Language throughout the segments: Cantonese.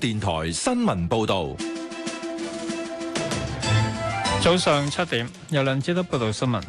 電台新聞報道，早上七點，有梁志都報道新聞。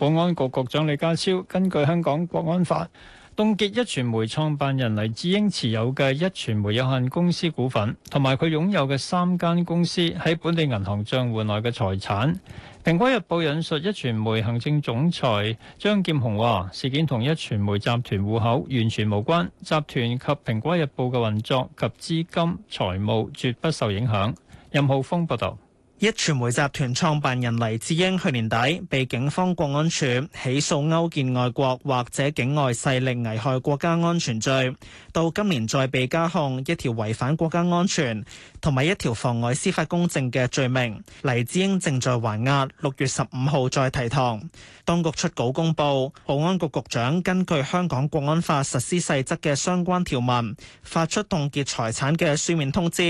保安局局長李家超根據香港國安法，凍結一傳媒創辦人黎智英持有嘅一傳媒有限公司股份，同埋佢擁有嘅三間公司喺本地銀行帳戶內嘅財產。蘋果日報引述一傳媒行政總裁張劍虹話：事件同一傳媒集團戶口完全無關，集團及蘋果日報嘅運作及資金財務絕不受影響。任浩峰報道。一傳媒集團創辦人黎智英去年底被警方國安處起訴勾結外國或者境外勢力危害國家安全罪，到今年再被加控一條違反國家安全同埋一條妨礙司法公正嘅罪名。黎智英正在還押，六月十五號再提堂。當局出稿公布，保安局局長根據香港國安法實施細則嘅相關條文，發出凍結財產嘅書面通知，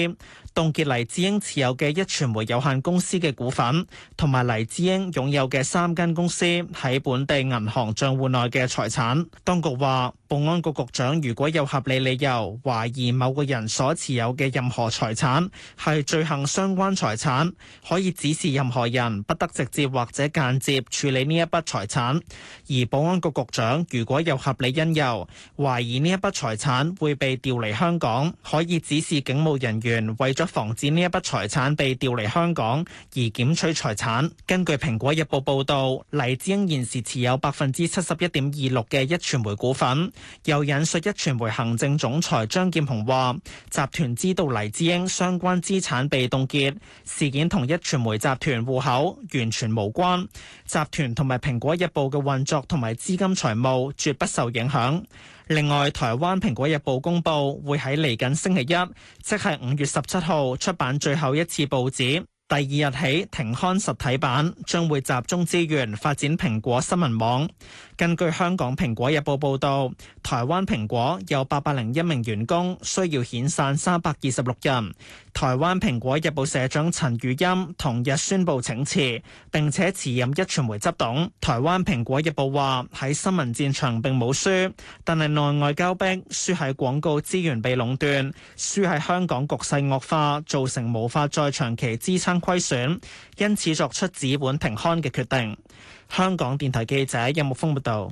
凍結黎智英持有嘅一傳媒有限。公司嘅股份，同埋黎智英擁有嘅三間公司喺本地銀行賬戶內嘅財產。當局話，保安局局長如果有合理理由懷疑某個人所持有嘅任何財產係罪行相關財產，可以指示任何人不得直接或者間接處理呢一筆財產。而保安局局長如果有合理因由懷疑呢一筆財產會被調離香港，可以指示警務人員為咗防止呢一筆財產被調離香港，講而檢取財產，根據《蘋果日報》報道，黎智英現時持有百分之七十一點二六嘅一傳媒股份。又引述一傳媒行政總裁張劍虹話，集團知道黎智英相關資產被凍結，事件同一傳媒集團戶口完全無關。集團同埋《蘋果日報》嘅運作同埋資金財務絕不受影響。另外，台灣《蘋果日報》公布會喺嚟緊星期一，即係五月十七號出版最後一次報紙。第二日起停刊實體版，將會集中資源發展蘋果新聞網。根據香港《蘋果日報》報導，台灣蘋果有八百零一名員工需要遣散三百二十六人。台灣蘋果日報社長陳宇欣同日宣布請辭，並且辭任一傳媒執董。台灣蘋果日報話：喺新聞戰場並冇輸，但係內外交逼，輸喺廣告資源被壟斷，輸喺香港局勢惡化，造成無法再長期支撐虧損，因此作出紙本停刊嘅決定。香港電台記者任木鋒報道：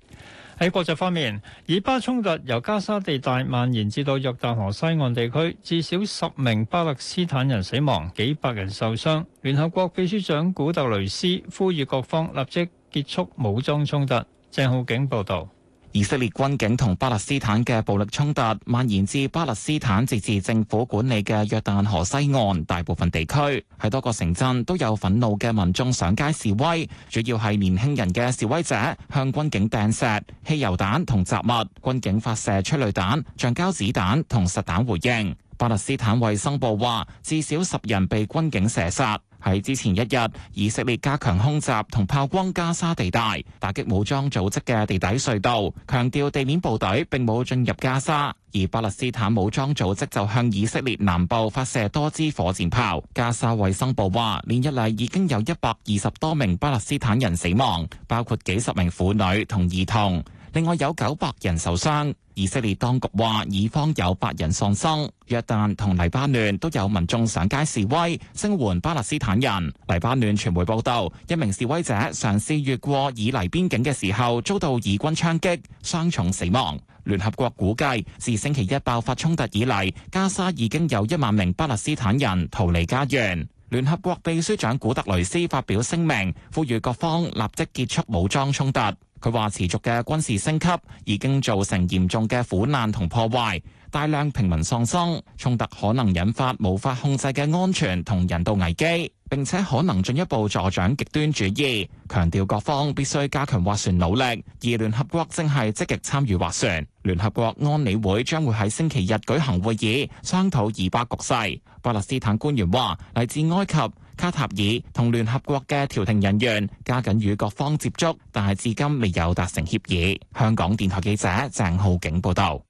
喺國際方面，以巴衝突由加沙地帶蔓延至到約旦河西岸地區，至少十名巴勒斯坦人死亡，幾百人受傷。聯合國秘書長古特雷斯呼籲各方立即結束武裝衝突。鄭浩景報道。以色列軍警同巴勒斯坦嘅暴力衝突蔓延至巴勒斯坦自治政府管理嘅約旦河西岸大部分地區，喺多個城鎮都有憤怒嘅民眾上街示威，主要係年輕人嘅示威者向軍警掟石、汽油彈同雜物，軍警發射催淚彈、橡膠子彈同實彈回應。巴勒斯坦衛生部話，至少十人被軍警射殺。喺之前一日，以色列加強空襲同炮轟加沙地帶，打擊武裝組織嘅地底隧道，強調地面部隊並冇進入加沙。而巴勒斯坦武裝組織就向以色列南部發射多支火箭炮。加沙衛生部話，連日嚟已經有一百二十多名巴勒斯坦人死亡，包括幾十名婦女同兒童，另外有九百人受傷。以色列當局話，以方有八人喪生。約旦同黎巴嫩都有民眾上街示威，聲援巴勒斯坦人。黎巴嫩傳媒報道，一名示威者嘗試越過以黎邊境嘅時候，遭到以軍槍擊，傷重死亡。聯合國估計，自星期一爆發衝突以嚟，加沙已經有一萬名巴勒斯坦人逃離家園。聯合國秘書長古特雷斯發表聲明，呼籲各方立即結束武裝衝突。佢話：持續嘅軍事升級已經造成嚴重嘅苦難同破壞，大量平民喪生，衝突可能引發無法控制嘅安全同人道危機，並且可能進一步助長極端主義。強調各方必須加強斡旋努力，而聯合國正係積極參與斡旋。聯合國安理會將會喺星期日舉行會議，商討以巴局勢。巴勒斯坦官員話：嚟自埃及。卡塔爾同聯合國嘅調停人員加緊與各方接觸，但係至今未有達成協議。香港電台記者鄭浩景報道：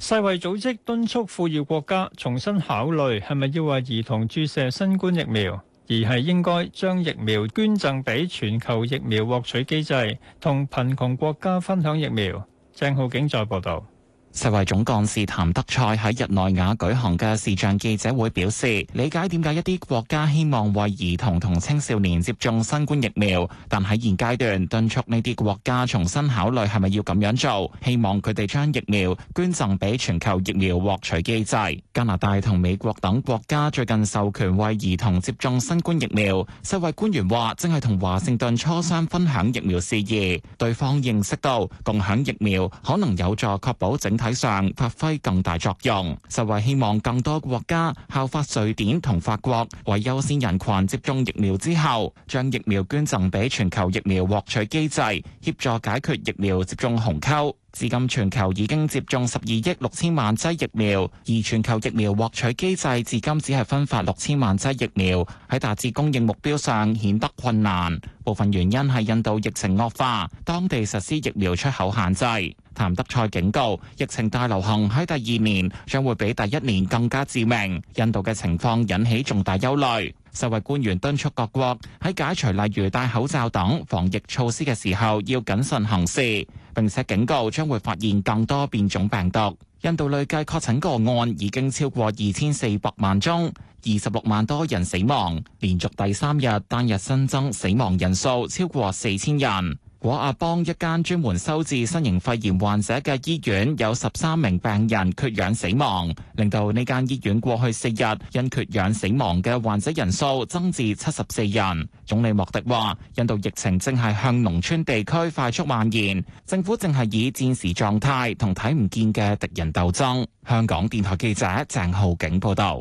世衛組織敦促富裕國家重新考慮係咪要為兒童注射新冠疫苗，而係應該將疫苗捐贈俾全球疫苗獲取機制，同貧窮國家分享疫苗。鄭浩景再報道。世衛總幹事譚德賽喺日內瓦舉行嘅視像記者會表示，理解點解一啲國家希望為兒童同青少年接種新冠疫苗，但喺現階段敦促呢啲國家重新考慮係咪要咁樣做，希望佢哋將疫苗捐贈俾全球疫苗獲取機制。加拿大同美國等國家最近授權為兒童接種新冠疫苗，世衛官員話，正係同華盛頓磋商分享疫苗事宜，對方認識到共享疫苗可能有助確保整體上發揮更大作用，就為希望更多國家效法瑞典同法國為優先人群接種疫苗之後，將疫苗捐贈俾全球疫苗獲取機制，協助解決疫苗接種鴻溝。至今全球已經接種十二億六千萬劑疫苗，而全球疫苗獲取機制至今只係分發六千萬劑疫苗，喺達至供應目標上顯得困難。部分原因係印度疫情惡化，當地實施疫苗出口限制。譚德塞警告，疫情大流行喺第二年將會比第一年更加致命，印度嘅情況引起重大憂慮。世衛官員敦促各國喺解除例如戴口罩等防疫措施嘅時候要謹慎行事，並且警告將會發現更多變種病毒。印度累計確診個案已經超過二千四百萬宗，二十六萬多人死亡，連續第三日單日新增死亡人數超過四千人。果阿邦一間專門收治新型肺炎患者嘅醫院有十三名病人缺氧死亡，令到呢間醫院過去四日因缺氧死亡嘅患者人數增至七十四人。總理莫迪話，印度疫情正係向農村地區快速蔓延，政府正係以戰時狀態同睇唔見嘅敵人鬥爭。香港電台記者鄭浩景報道。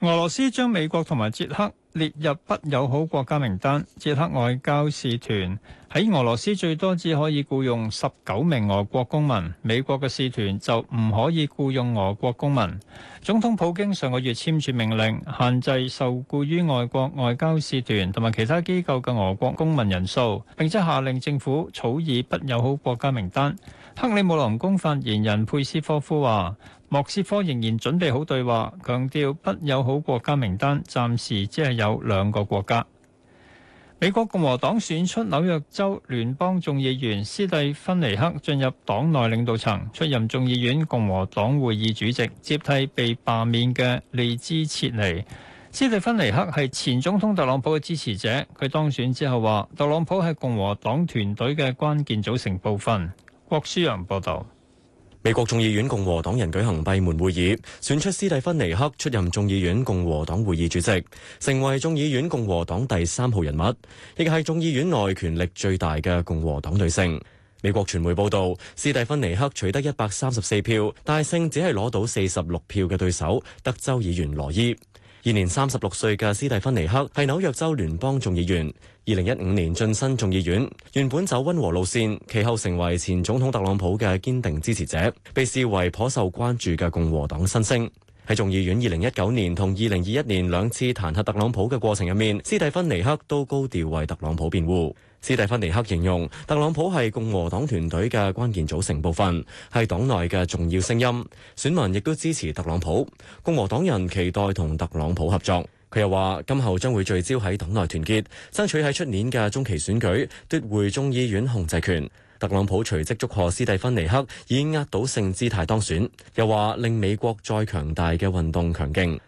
俄羅斯將美國同埋捷克列入不友好國家名單，捷克外交使團。喺俄羅斯最多只可以僱用十九名俄國公民，美國嘅使團就唔可以僱用俄國公民。總統普京上個月簽署命令，限制受僱於外國外交使團同埋其他機構嘅俄國公民人數，並且下令政府草擬不友好國家名單。克里姆林宮發言人佩斯科夫話：莫斯科仍然準備好對話，強調不友好國家名單暫時只係有兩個國家。美國共和黨選出紐約州聯邦眾議員斯蒂芬尼克進入黨內領導層，出任眾議院共和黨會議主席，接替被罷免嘅利茲切尼。斯蒂芬尼克係前總統特朗普嘅支持者，佢當選之後話，特朗普係共和黨團隊嘅關鍵組成部分。郭書洋報道。美國眾議院共和黨人舉行閉門會議，選出斯蒂芬尼克出任眾議院共和黨會議主席，成為眾議院共和黨第三號人物，亦係眾議院內權力最大嘅共和黨女性。美國傳媒報道，斯蒂芬尼克取得一百三十四票，大勝只係攞到四十六票嘅對手德州議員羅伊。現年三十六歲嘅斯蒂芬尼克係紐約州聯邦眾議員，二零一五年晉身眾議院，原本走溫和路線，其後成為前總統特朗普嘅堅定支持者，被視為頗受關注嘅共和黨新星。喺眾議院二零一九年同二零二一年兩次彈劾特朗普嘅過程入面，斯蒂芬尼克都高調為特朗普辯護。斯蒂芬尼克形容特朗普係共和黨團隊嘅關鍵組成部分，係黨內嘅重要聲音，選民亦都支持特朗普。共和黨人期待同特朗普合作。佢又話：今後將會聚焦喺黨內團結，爭取喺出年嘅中期選舉奪回眾議院控制權。特朗普隨即祝賀斯蒂芬尼克以壓倒性姿態當選，又話令美國再強大嘅運動強勁。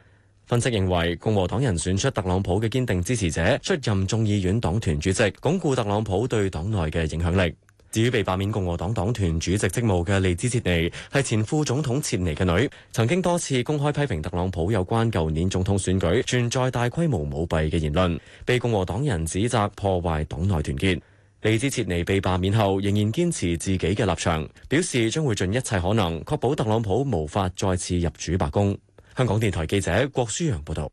分析認為，共和黨人選出特朗普嘅堅定支持者出任眾議院黨團主席，鞏固特朗普對黨內嘅影響力。至於被罷免共和黨黨團主席職務嘅利茲切尼，係前副總統切尼嘅女，曾經多次公開批評特朗普有關舊年總統選舉存在大規模舞弊嘅言論，被共和黨人指責破壞黨內團結。利茲切尼被罷免後，仍然堅持自己嘅立場，表示將會盡一切可能，確保特朗普無法再次入主白宮。香港電台記者郭書陽報道。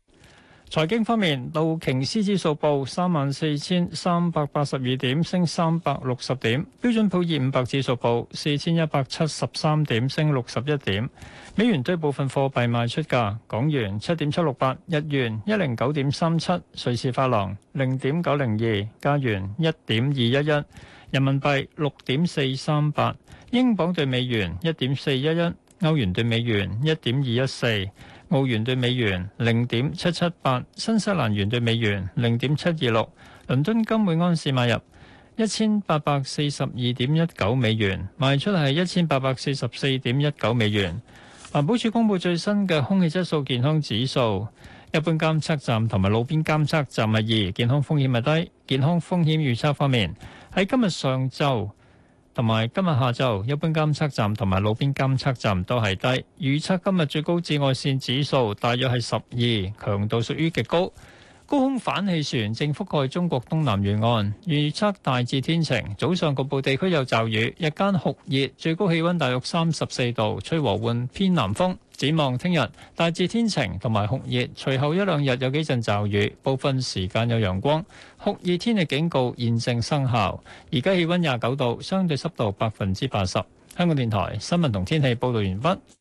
財經方面，道瓊斯指數報三萬四千三百八十二點，升三百六十點；標準普爾五百指數報四千一百七十三點，升六十一點。美元對部分貨幣賣出價：港元七點七六八，日元一零九點三七，瑞士法郎零點九零二，加元一點二一一，人民幣六點四三八，英鎊對美元一點四一一，歐元對美元一點二一四。澳元兌美元零點七七八，新西蘭元兌美元零點七二六，倫敦金每安士買入一千八百四十二點一九美元，賣出係一千八百四十四點一九美元。環保署公布最新嘅空氣質素健康指數，一般監測站同埋路邊監測站，係二，健康風險係低，健康風險預測方面喺今日上晝。同埋今日下晝一般監測站同埋路邊監測站都係低。預測今日最高紫外綫指數大約係十二，強度屬於極高。高空反氣旋正覆蓋中國東南沿岸，預測大致天晴，早上局部地區有驟雨，日間酷熱，最高氣溫大約三十四度，吹和緩偏南風。展望聽日，大致天晴同埋酷熱，隨後一兩日有幾陣驟雨，部分時間有陽光。酷熱天氣警告現正生效。而家氣溫廿九度，相對濕度百分之八十。香港電台新聞同天氣報導完畢。